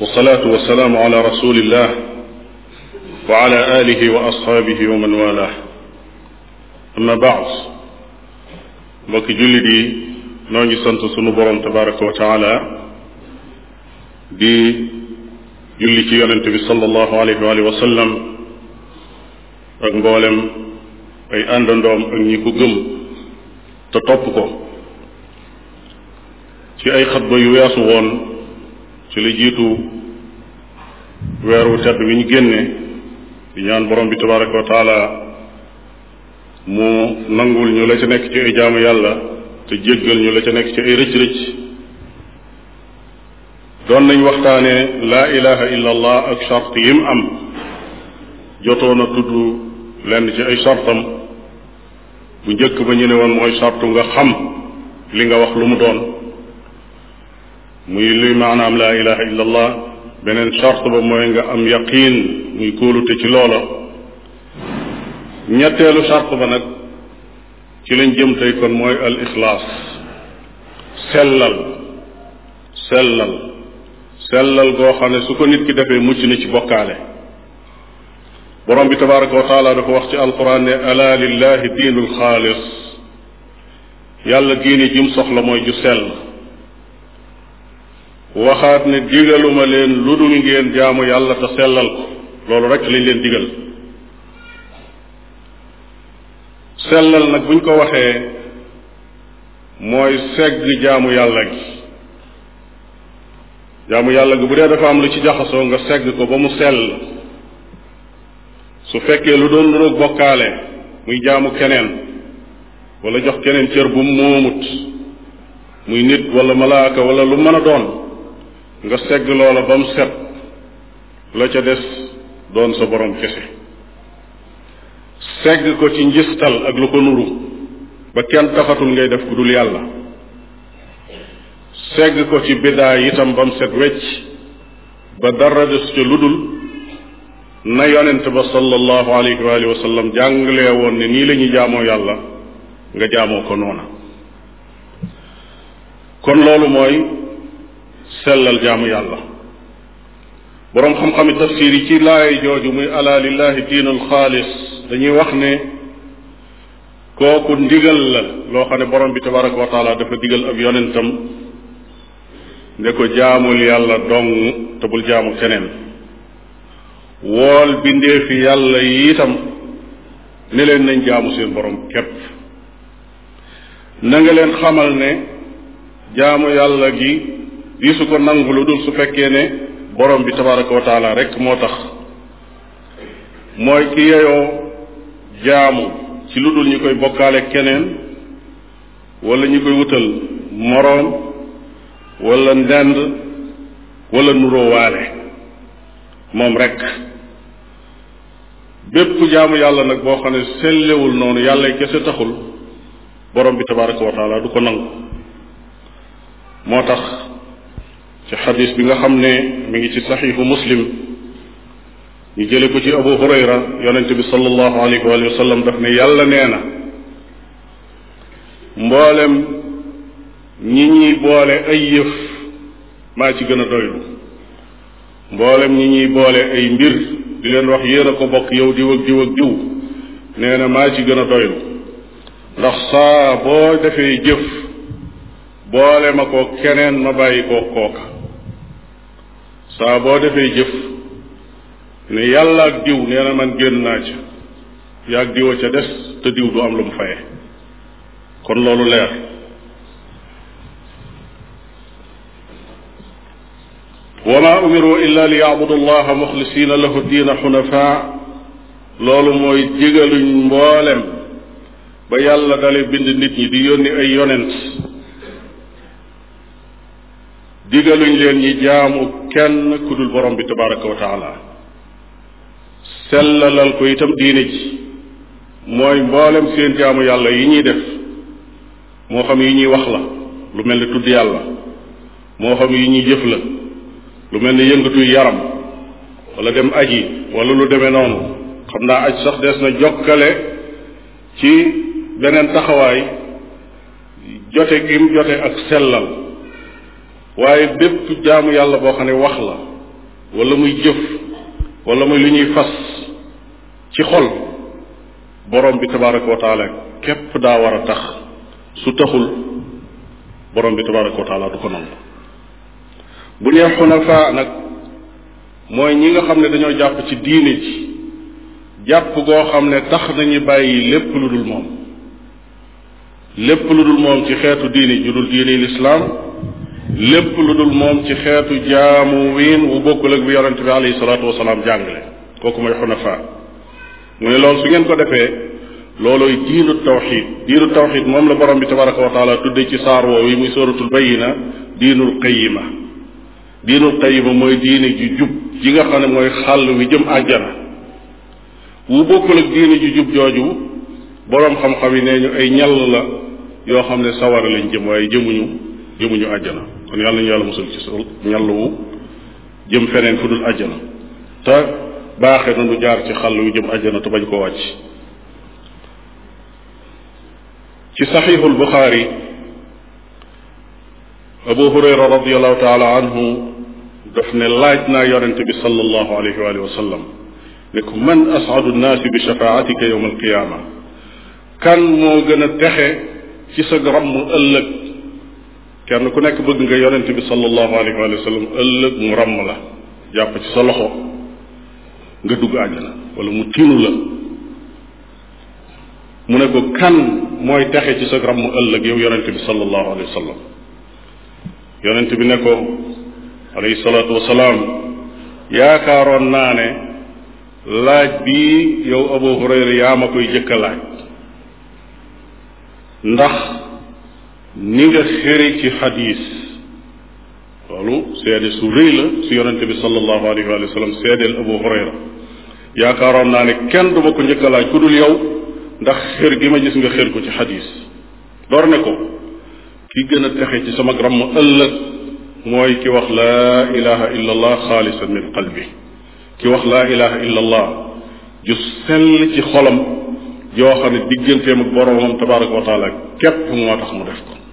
wasalaatu wasalaamu ala rasulillah wa ala alihi wa asxaabihi wa man wala amma baad mbokki jullit yi noo ngi sant sunu borom tabaraka wa taala di julli ci yonente bi sallallahu alayhi wa alihi wa sallam ak mboolem ay àndandoom ak ñi ko gëm te topp ko ci ay xatba yu weesu woon ci li jiitu weer wu tedd wi ñu génne di ñaan borom bi tabaraka wa taala mu nangul ñu la ca nekk ci ay jaamu yàlla te jéggal ñu la ca nekk ci ay rëcc-rëcc doon nañ waxtaane laa ilaha illa ak charte yim am jotoon tudd lenn ci ay chartam bu njëkk ba ñu ne woon mooy chartu nga xam li nga wax lu mu doon muy luy maanaam laa ilaha illa allah beneen charte ba mooy nga am yaqiin muy kóolute ci loola ñetteelu charte ba nag ci lañ jëm tey kon mooy al ixlaas sellal sellal sellal goo xam ne su ko nit ki defee mucc na ci bokkaale borom bi tabaraka wa taala dafa wax ci alquran ne ala lillahi diinul xaalis yàlla diine jim soxla mooy ju sell waxaat ne digaluma leen lu dul ngeen jaamu yàlla te sellal ko loolu rek lañ leen digal sellal nag buñ ko waxee mooy segg jaamu yàlla gi jaamu yàlla gi bu dee dafa am lu ci jaxasoo nga segg ko ba mu sell su fekkee lu doon roog bokkaale muy jaamu keneen wala jox keneen cër bu mu moomut muy nit wala malaaka wala lu mën a doon nga segg loola ba mu set la ca des doon sa borom kese segg ko ci njistal ak lu ko nuru ba kenn taxatul ngay def ku yàlla segg ko ci biddaa itam ba mu set wecc ba dara des ca lu dul na yonent ba sallallahu alayhi wa sallam jàngalee woon ne nii lañuy jaamoo yàlla nga jaamoo ko noona kon loolu mooy sellal jaamu yàlla boroom xam-xami tafsir yi ci laay jooju muy ala lillahi diinul xaalis dañuy wax ne kooku ndigal la loo xam ne boroom bi tabaraka wa taala dafa digal ab yonentam ne ko jaamul yàlla dong te bul jaamu keneen wool bindeefi yàlla yi itam ne leen nañ jaamu seen borom képp na nga leen xamal ne jaamu yàlla gi di ko nangu lu dul su fekkee ne borom bi tabaraka wa rek moo tax mooy ki yeyoo jaamu ci lu dul ñu koy bokkaale keneen wala ñu koy wutal morom wala ndend wala nuróowaale moom rek bépp jaamu yàlla nag boo xam ne sellewul noonu yàlla kese taxul borom bi tabaraka wa du ko nangu moo tax ci xadis bi nga xam ne mu ngi ci saxiixu muslim ñu jële ko ci abu hurayra yonent bi sallallahu alayhi wa sallam daf ne yàlla nee na mboolem ñi ñuy boole ay yëf maa ci gën a doylu mboolem ñi ñuy boole ay mbir di leen wax yéen a ko bokk yow diw ak diw ak diw nee na maa ci gën a doylu ndax saa boo defee jëf boole ma ko keneen ma bàyyi kook kooka saa boo defee jëf yàlla ak diw nee na man génn naa ca yaag diw a ca des te diw du am lu mu faye kon loolu leer wa ma umiru illa li yaabudu allaha muxlisina lahu diina xunafa loolu mooy digaluñ mboolem ba yàlla dale bind nit ñi di yónni ay digaluñ leen ñi jaamu kenn ku dul borom bi tabaraka wa taala sellalal ko itam diine ji mooy mboolem seen jaamu yàlla yi ñuy def moo xam yi ñuy wax la lu mel ni tudd yàlla moo xam yi ñuy jëf la lu mel ni yëngatuy yaram walla dem aji wala lu demee noonu xam naa aj sax des na jokkale ci beneen taxawaay jote gim jote ak sellal waaye bépp jaamu yàlla boo xam ne wax la wala muy jëf walla muy li ñuy fas ci xol borom bi tabaraka wa taala képp daa war a tax su taxul borom bi tabaraka wa taala du ko nangu bu nee xunafa nag mooy ñi nga xam ne dañoo jàpp ci diine ji jàpp goo xam ne tax nañu bàyyi lépp lu dul moom lépp lu dul moom ci xeetu diine ju dul diine lislaam lépp lu dul moom ci xeetu jaamu wiin wu bokkul ak bi yonente bi alayhi salaatu wasalaam jàngale kooku mooy xunafa mu ne lool su ngeen ko defee loolooy diinu tawxid diinu tawxid moom la borom bi tabaraka wa taala tudde ci saar woow yi muy suratul bayina diinul qayima diinul qayima mooy diine ju jub ji nga xam ne mooy xàll wi jëm àjjana wu bokkul ak diine ju jub jooju boroom xam-xam yi nee ñu ay ñall la yoo xam ne sawara lañ jëm waaye jëmuñu jëmuñu àjjana kon yàlla ñu yàlla musal ci sol ñàll wu jëm feneen fu dul àjjana te baaxee na nu jaar ci xàll yu jëm àjjana te bañ koo wàcc ci saxiixul buxaari abu hurayra radiallahu taala anhu daf ne laaj naa yonente bi sallallahu alayhi wa alihi wa sallam man asaadu nnaasi bi shafaatika kan moo gën a texe ci sa ramm ëllëg kenn ku nekk bëgg nga yonent bi sallallahu alayhi wa sallam ëllëg mu ràmm la jàpp ci sa loxo nga dugg àjjana wala mu tiinu la mu ne ko kan mooy taxe ci sa ràmm ëllëg yow yonent bi sallallahu alayhi wa sallam bi ne ko yaakaaroon naa ne laaj bii yow Abu Hurayra yaa ma koy jëkk a laaj ndax ni nga xëre ci xadis loolu su rëy la si yonente bi sallallahu alayhi wa sallam Abu Hurayra yaakaaroon naa ne kenn duma ko njëkk laaj ku dul yow ndax xër gi ma gis nga xër ko ci xadis door ne ko ki gën a texe ci sama ram ëllëg mooy ki wax laa ilaha illa allah xaalisan min qalbi ki wax laa ilaha illa allah ju sell ci xolam joo xam ne digganteem ak boroomam wa taala képp moo tax mu def ko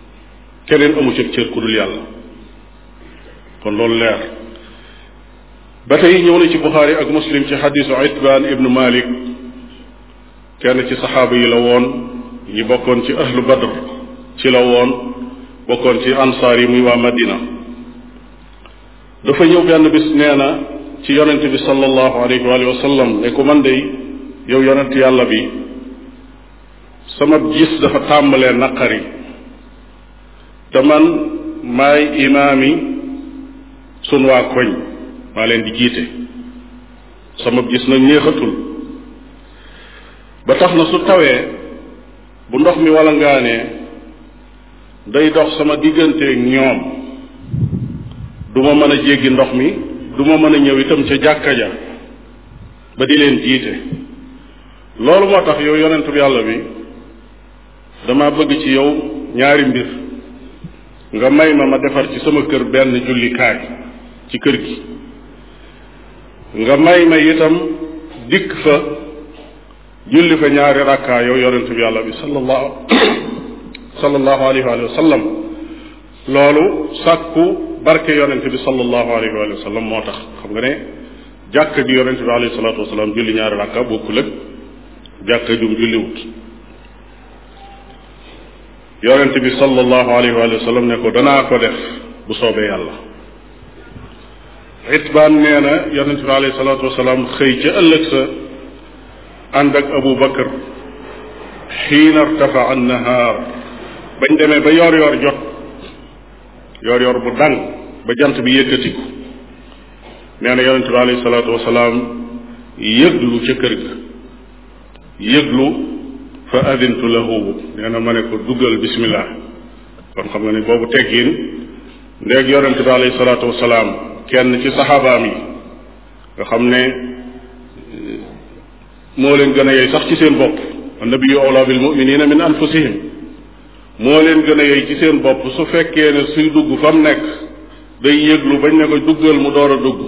keneen amu ci cër ku dul yàlla kon loolu leer ba tey ñëw na ci buxaari ak muslim ci xadisu itbaan ibnu malik kenn ci saxaaba yi la woon ñi bokkoon ci ahlu badr ci la woon bokkoon ci ansaar yi muy waa madina dafa ñëw benn bis nee na ci yonent bi sallallahu alayhi wa sallam ne ko man dey yow yonent yàlla bi sama gis dafa tàmbalee naqari te man maay imaam yi sun waa koñ maa leen di jiite sama gis nag neexatul ba tax na su tawee bu ndox mi walangaanee day dox sama digganteeg ñoom du ma mën a jéggi ndox mi du ma mën a ñëw itam ca jàkka ja ba di leen jiite loolu moo tax yow yonentu yàlla bi dama bëgg ci yow ñaari mbir nga may ma ma defar ci sama kër benn jullikaay ci kër gi nga may ma itam dikk fa julli fa ñaari rakkaa yow yonent bi yàlla bi sallallahu sallallahu alayhi wa sallam loolu sàkku barke yonent bi sallallahu alayhi wa sallam moo tax xam nga ne jàkk ji yonent bi alayhi salaatu wasalaam julli ñaari rakka bokkul ak jàkk jum julliwut yonent bi sallallahu alayhi wa sallam ne ko danaa ko def bu soobee yàlla itbaan nee na yonent bi alayhi salaatu wasalaam xëy ca ëllëg sa ànd ak abu bakar xiina artafa an nahaar bañ demee ba yoor yoor jot yoor yoor bu dang ba jant bi yëkkatiku nee na yonent bi alayhi salaatu wasalaam yëglu ca kër ga yëglu fa adintu lahu nee na ma ne ko duggal bismillah kon xam nga ni boobu teggiin ndeeg yonente bi alayhi salaatu wasalaam kenn ci saxaabaam yi nga xam ne moo leen gën a yey sax ci seen bopp annabiyu awla bil muminina min anfusihim moo leen gën a yey ci seen bopp su fekkee ne suy dugg fa mu nekk day yëglu bañ ne ko duggal mu door a dugg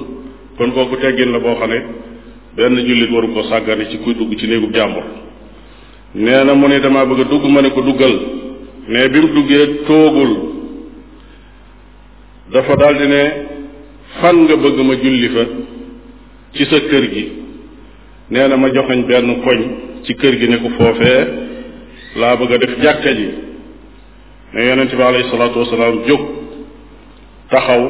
kon kooku teggin la boo xam ne benn jullit waru ko sàggane ci kuy dugg ci néegub jàmbur nee na mu ne damaa bëgg a dugg ma ne ko duggal mais bi mu duggee toogul dafa daldi ne fan nga bëgg ma julli fa ci sa kër gi nee na ma joxañ benn koñ ci kër gi ne ko foofee laa bëgg a def jàkka ji ne yonent bi alayhi salaatu wasalaam jóg taxaw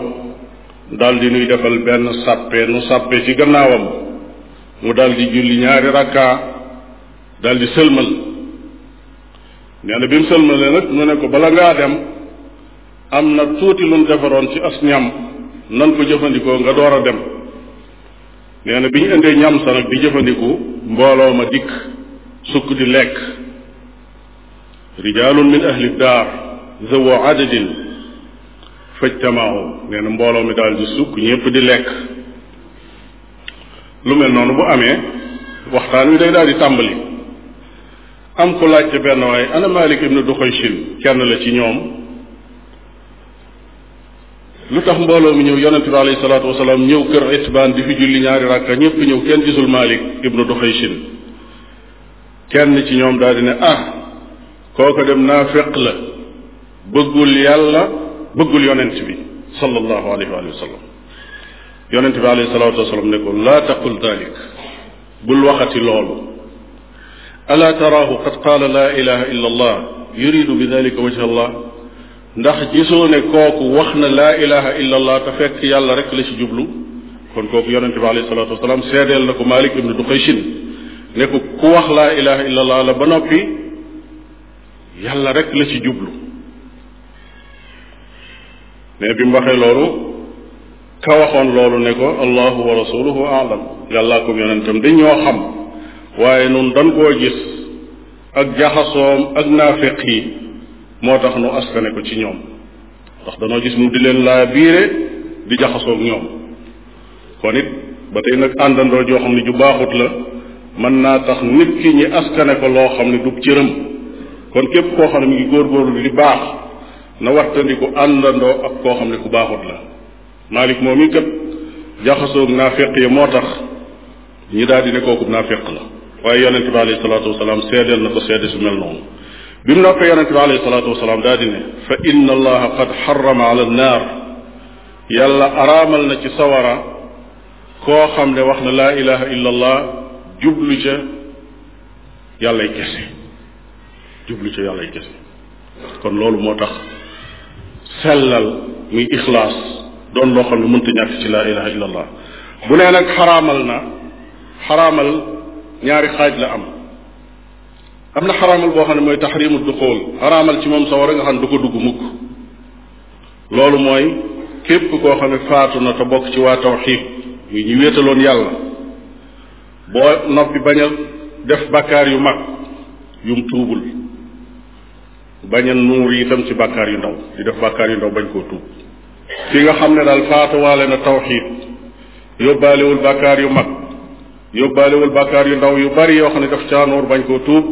daldi nuy defal benn sàppe nu sàppe ci gannaawam mu daldi julli ñaari rakkaa daal di sëlmal nee na bi mu sëlmalee nag mu ne ko bala ngaa dem am na tuuti lu mu defaroon ci as ñam nan ko jëfandikoo nga door a dem nee bi ñu indee ñam sa nag di jëfandiku mbooloo ma dikk sukk di lekk rijaalun min ahli daar zawa adadin fajtamaaw nee na mbooloo mi daal di sukk ñépp di lekk lu mel noonu bu amee waxtaan wi day daal di tàmbali am ku laajte benn waaye ana Malik ibnu Duxaysin kenn la ci ñoom lu tax mbooloo mi ñëw yonente bi alayhi salaatu wasalaam ñëw kër itbaan di fi julli ñaari rakka ñëpp ñëw kenn gisul Malik ibnu Duxaysin kenn ci ñoom daal di ne ah kooko dem naafiq la bëggul yàlla bëggul yonent bi sallallahu alayhi wa sallam yonent bi alayhi salaatu wasalaam ne ko laa taqul dalik bul waxati loolu alaa taraahu qad qaala laa ilaha illa allah yuridu bi dalika wajha allah ndax gisoo ne kooku wax na laa ilaha illa allah te fekk yàlla rek la ci jublu kon kooku yonente bi alayhi salatu wasalaam seedeel na ko Malik ibnu Duqaysin ne ko ku wax laa ilaha illa allah la ba noppi yàlla rek la ci jublu mais bi mu waxee loolu ka waxoon loolu ne ko allahu wa rasuluhu aalam yàllaa ko yonentam dañoo xam waaye noonu dan koo gis ak jaxasoom ak naafeq yi moo tax nu askane ko ci ñoom ndax danoo gis mu di leen laa biire di jaxasoog ñoom kon it ba tey nag àndandoo joo xam ne ju baaxut la mën naa tax nit ki ñi askane ko loo xam ne du cëram kon képp koo xam ne mi ngi góorgóorlu di baax na wattandiku àndandoo ak koo xam ne ku baaxut la Malik moom i kat jaxasoog naafeq yi moo tax ñi daal di ne kooku naafeq la waaye yonente bi alayhi salaatu wasalaam seedeel na ko seede su mel noonu bi mu noppee yonente bi alayhi salaatu wasalaam daa di ne fa inna allaha qad xarama ala annaar yàlla araamal na ci sawara koo xam ne wax na laa ilaha illa allah jublu ca yàllay kese jublu ca yàllay kese kon loolu moo tax sellal muy ixlaas doon loo xam ne mënta ñàkk ci laa ilaha illa allah bu nee nag xaraamal na xaraamal ñaari xaaj la am am na xaraamal boo xam ne mooy taxrimu duxool xaraamal ci moom sawara nga xam ne du ko dugg mukk loolu mooy képp koo xam ne faatu na te bokk ci waa ñu wéetaloon yàlla boo noppi bañ a def yu mag yum tuubul bañ a nuur itam ci bàkkaar yu ndaw di def bàkkaar yu ndaw bañ koo tuub fi nga xam ne daal faatuwaale na tawxiid yóbbaalewul bàkkaar yu mag yóbbaalewul bàkkaar yu ndaw yu bari yoo xam ne daf caa nuur bañ koo tuub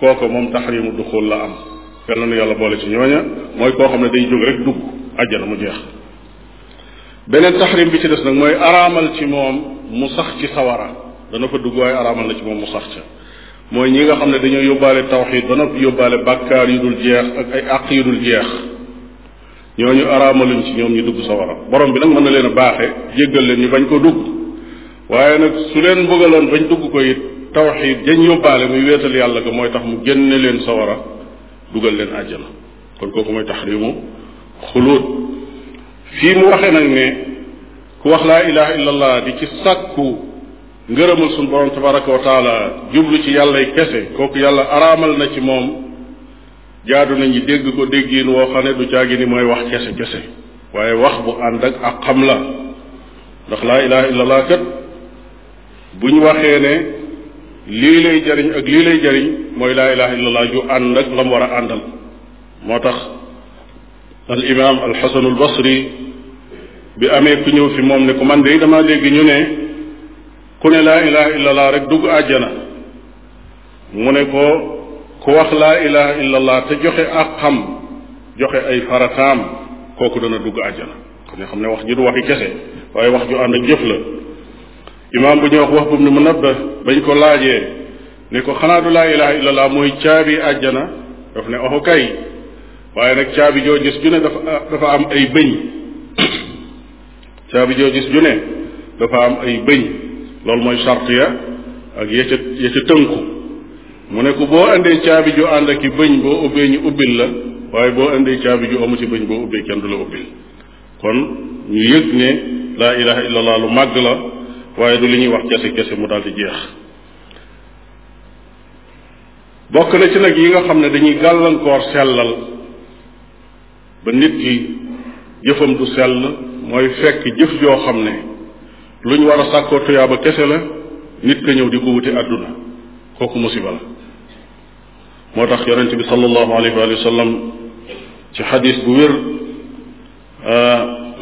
kooku moom du duxul la am yal na nu yàlla boole ci mooy koo xam ne day jóg rek dugg àjjana mu jeex beneen taxrim bi ci des nag mooy araamal ci moom mu sax ci sawara dana fa dugg waaye araamal na moom mu sax ca mooy xam ne dañoo yóbbaale tawxid ba noppi yóbbaale bàkkaar yu dul jeex ak ay àq yu jeex ñooñu araamaluñ ci ñoom ñu dugg sawara borom bi nag mën na leen a baaxe jéggal leen ñu bañ koo dugg waaye nag su leen bëggaloon bañ dugg ko it tawxiid dañ yóbbaale muy wéetal yàlla ga mooy tax mu génne leen sawara dugal leen àjjana kon kooku mooy taxrimu xuluut fii mu waxee nag ne ku wax laa ilaha illa allah di ci sàkku ngërëmal suñu borom tabaraka wa taala jublu ci yàllay kese kooku yàlla araamal na ci moom jaadu nañu dégg ko déggiin woo xam ne du caagi ni mooy wax kese kese waaye wax bu ànd ak ak xam la ndax laa ilaha illa allah kat bu ñu waxee ne lii lay jariñ ak lii lay jariñ mooy laa ilaha illallah ju ànd ak lam war a àndal moo tax al imaam al xasanul bi amee ku ñëw fi moom ne ku man de dama léegi ñu ne ku ne laa ilaha illallah rek dugg àjjana mu ne ko ku wax laa ilaha illallah te joxe ak xam joxe ay farataam kooku dana dugg àjjana ko ne xam ne wax ji du waxi kese waaye wax ju ànd ak jëf la imaam bu ñuy wax wax bu mu Munabbah bañ ko laajee ne ko xanaa du laa ilaha illallah mooy caabi àjjana daf ne oxo kay waaye nag caabi joo gis ju ne dafa am ay bëñ caabi joo gis ju ne dafa am ay bëñ loolu mooy charte ya ak ya ca tënku mu ne ko boo indee caabi ju ànd ak i bëñ boo ubbee ñu ubbil la waaye boo indee caabi ju amu ci bëñ boo ubbee kenn du la ubbil kon ñu yëg ne laa ilaha illallah lu màgg la waaye du li ñuy wax kese kese mu daal di jeex bokk na ci nag yi nga xam ne dañuy gàllankoor sellal ba nit ki jëfam du sell mooy fekk jëf joo xam ne lu ñu war a sàkkoo tuyaaba kese la nit ka ñëw di ko wuti àdduna kooku musiba la moo tax yonent bi sallallahu alayhi wa sallam ci xadis bu wér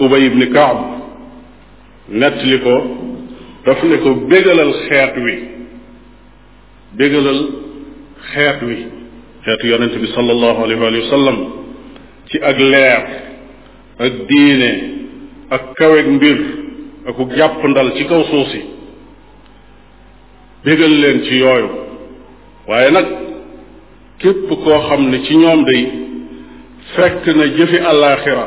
ubay ibni kaab nettali ko daf ne ko bégalal xeet wi bégalal xeet wi xeetu yonent bi sallallahu alayhi wa ci ak leer ak diine ak kaweeg mbir ak ku jàpp ndal ci kaw suuf si bégal leen ci yooyu waaye nag képp koo xam ne ci ñoom day fekk na jëfi àllaaxira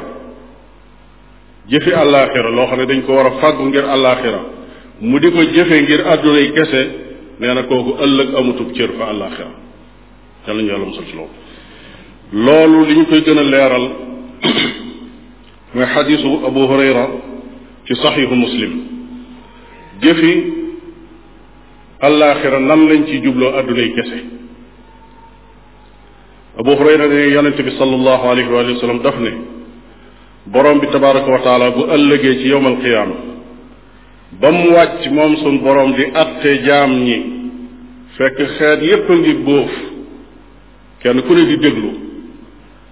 jëfi àllaaxira loo xam ne dañ ko war a fàggu ngir àllaaxira mu di ko jëfe ngir àdduna yi kese nee na kooku ëllëg amutub cër fa àllaaxira yàlla ñu loolu li ñu koy gën leeral mooy xadiisu abu hurayra ci saxiixu muslim jëfi àllaaxira nan lañ ci jubloo àdduna yi kese abu hurayra ne yonente bi sallallahu alayhi wa sallam daf ne borom bi tabaraka wa taala bu ëllëgee ci yowmal qiyaama ba mu wàcc moom suñ boroom di atte jaam ñi fekk xeet yépp a ngi bóof kenn ku ne di déglu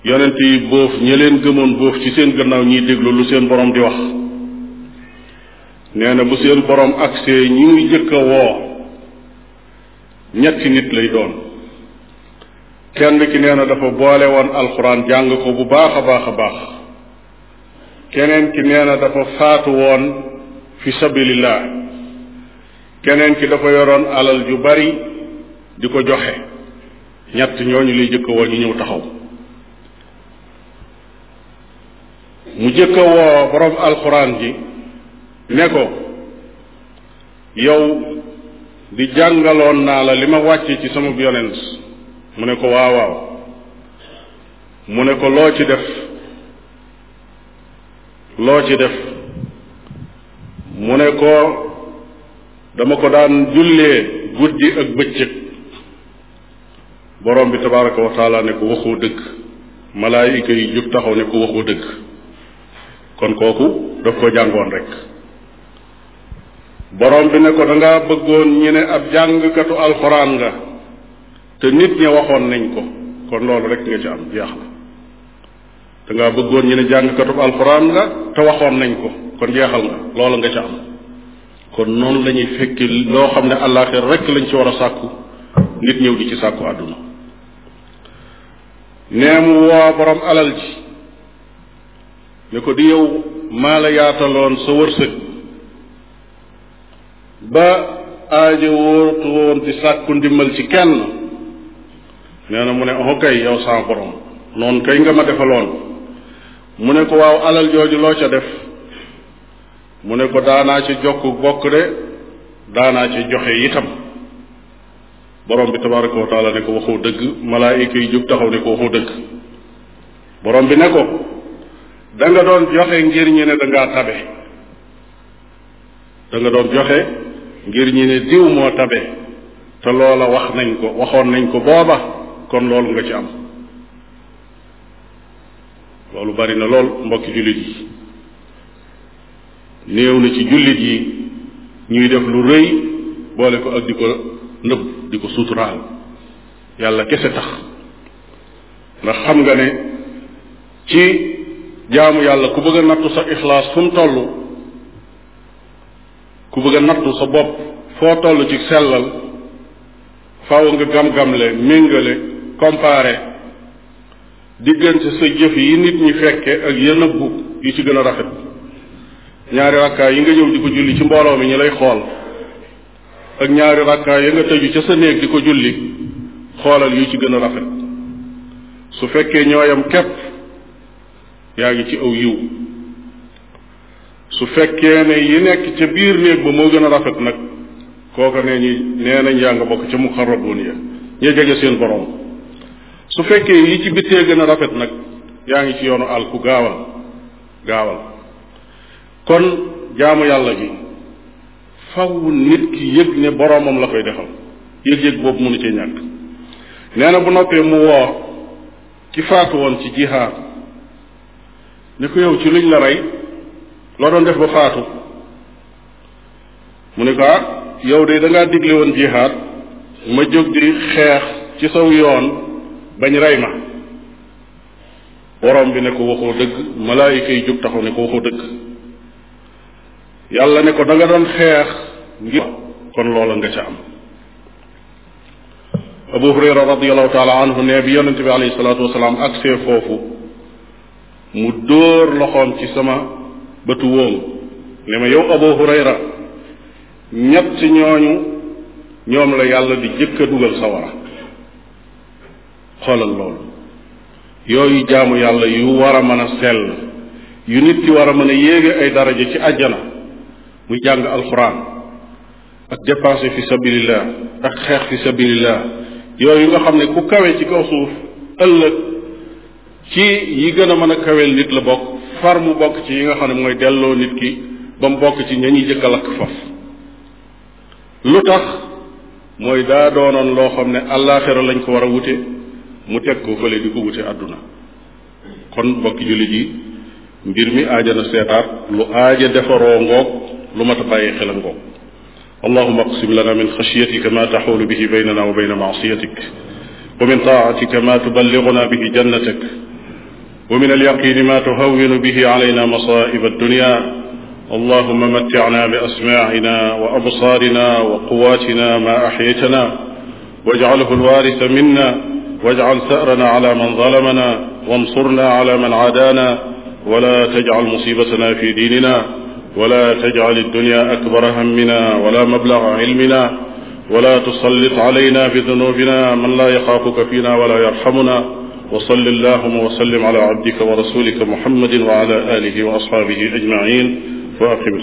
yonent yi bóof ñi gëmoon bóof ci seen gannaaw ñiy déglu lu seen boroom di wax nee na bu seen boroom agsee ñi muy jëkk woo ñetti nit lay doon kenn ki nee na dafa boole woon alxuraan jàng ko bu baax a baax a baax keneen ki nee na dafa faatu woon fi sabilillah keneen ki dafa yoroon alal ju bari di ko joxe ñett ñooñu lay jëkk woo ñu ñëw taxaw mu jëkk woo borom alxuraan ji ne ko yow di jàngaloon naa la li ma wàcce ci sama yonent mu ne ko waawaaw mu ne ko loo ci def loo ci def mu ne ko dama ko daan jullee guddi ak bëccëg borom bi tabaraka wa taala ne ko waxoo dëgg malaayika yi jub taxaw ne ko waxoo dëgg kon kooku daf ko jàngoon rek borom bi ne ko da bëggoon ñu ne ab jàngkatu alxuraan nga te nit ña waxoon nañ ko kon loolu rek nga ci am jeex la da bëggoon ñu ne jàngkatub alxuraan nga te waxoon nañ ko kon jeexal nga loola nga ca am kon noonu lañuy ñuy fekki loo xam ne àllaaxir rek lañ ci war a sàkku nit ñëw di ci sàkku àdduna nee mu woo borom alal ji ne ko di yow maa la yaataloon sa wërsëg ba aajo wóortu woon sàkku ndimbal ci kenn nee na mu ne oh kay yow saa borom noonu kay nga ma defaloon mu ne ko waaw alal jooju loo ca def mu ne ko daanaa ci jokk bokk de daanaa ci joxe itam borom bi tabaraka wa ne ko waxoo dëgg malaayika yi jóg taxaw ne ko waxoo dëgg borom bi ne ko da nga doon joxe ngir ñi ne da ngaa tabe da nga doon joxe ngir ñi ne diw moo tabe te loola wax nañ ko waxoon nañ ko booba kon loolu nga ci am loolu bari na lool mbokki jullit yi néew na ci jullit yi ñuy def lu rëy boole ko ak di ko nëbb di ko suturaal yàlla kese tax ndax xam nga ne ci jaamu yàlla ku bëgg a nattu sa ixlaas fu mu ku bëgg a nattu sa bopp foo tollu ci sellal faw nga gam-gamle méngale comparé diggante sa jëf yi nit ñi fekke ak ya nëbbu yi ci gën a rafet ñaari rakkaa yi nga ñëw di ko julli ci mbooloo mi ñu lay xool ak ñaari rakkaa ya nga tëju ca sa néeg di ko julli xoolal yi ci gën a rafet su fekkee ñooyam képp yaa ngi ci aw yiw su fekkee ne yi nekk ca biir néeg ba moo gën a rafet nag kooka nee ñi nee nañ yaa nga bokk ca muqarrabun ya ña jege seen borom su fekkee yi ci bittee gën a rafet nag yaa ngi ci yoonu àll ku gaawal gaawal kon jaamu yàlla gi faw nit ki yëg ne boroomam la koy defal yëg-yëg boobu mënu cee ñàkk nee na bu noppee mu woor ki faatu woon ci jihaad ni ko yow ci luñ la rey loo doon def ba faatu mu ne ko ah yow de da ngaa woon jihaad ma jóg di xeex ci saw yoon bañ rey ma borom bi ne ko waxoo dëgg malaayika yi jóg taxaw ne ko waxoo dëgg yàlla ne ko da nga doon xeex ngir kon loola nga ca am abu hurayra radiallahu taala anhu ne bi yonente bi alayhi salaatu foofu mu dóor loxoom ci sama bëtu wóom ne ma yow abu hurayra ñett ñooñu ñoom la yàlla di jëkk dugal sawara xoolal loolu yooyu jaamu yàlla yu war a mën a sell yu nit ki war a mën a yéege ay daraja ci àjjana muy jàng alxuraan ak dépenser fi ak xeex fi sabilillah yooyu nga xam ne ku kawe ci kaw suuf ëllëg ci yi gën a mën a kaweel nit la bokk far mu bokk ci yi nga xam ne mooy delloo nit ki ba mu bokk ci ña ñuy jëkk a lakk faf lu tax mooy daa doonoon loo xam ne àllaaxira lañ ko war a wute mu teg ko fële di ko wute àdduna kon mbokki jullit yi mbir mi aajana seetaat lu aaja defaroo ngoog lu mat a bàyyi xel a ngoog allahuma aqsim lana min xashiyatika ma taxulu bihi baynana wa bayna maasiyatik wa min taatika ma tuballiguna bihi jannatak wa min alyaqini ma tuhawinu bihi alayna masaib addunya allahuma matticna bi asmaacina wa absaarina wa quwaatina ma axyaytana wajcalhu alwaarisa minna واجعل ثأرنا على من ظلمنا وانصرنا على من عادانا ولا تجعل مصيبتنا في ديننا ولا تجعل الدنيا أكبر همنا ولا مبلغ علمنا ولا تسلط علينا بذنوبنا من لا يخافك فينا ولا يرحمنا وصل اللهم وسلم على عبدك ورسولك محمد وعلى آله وأصحابه أجمعين وأقم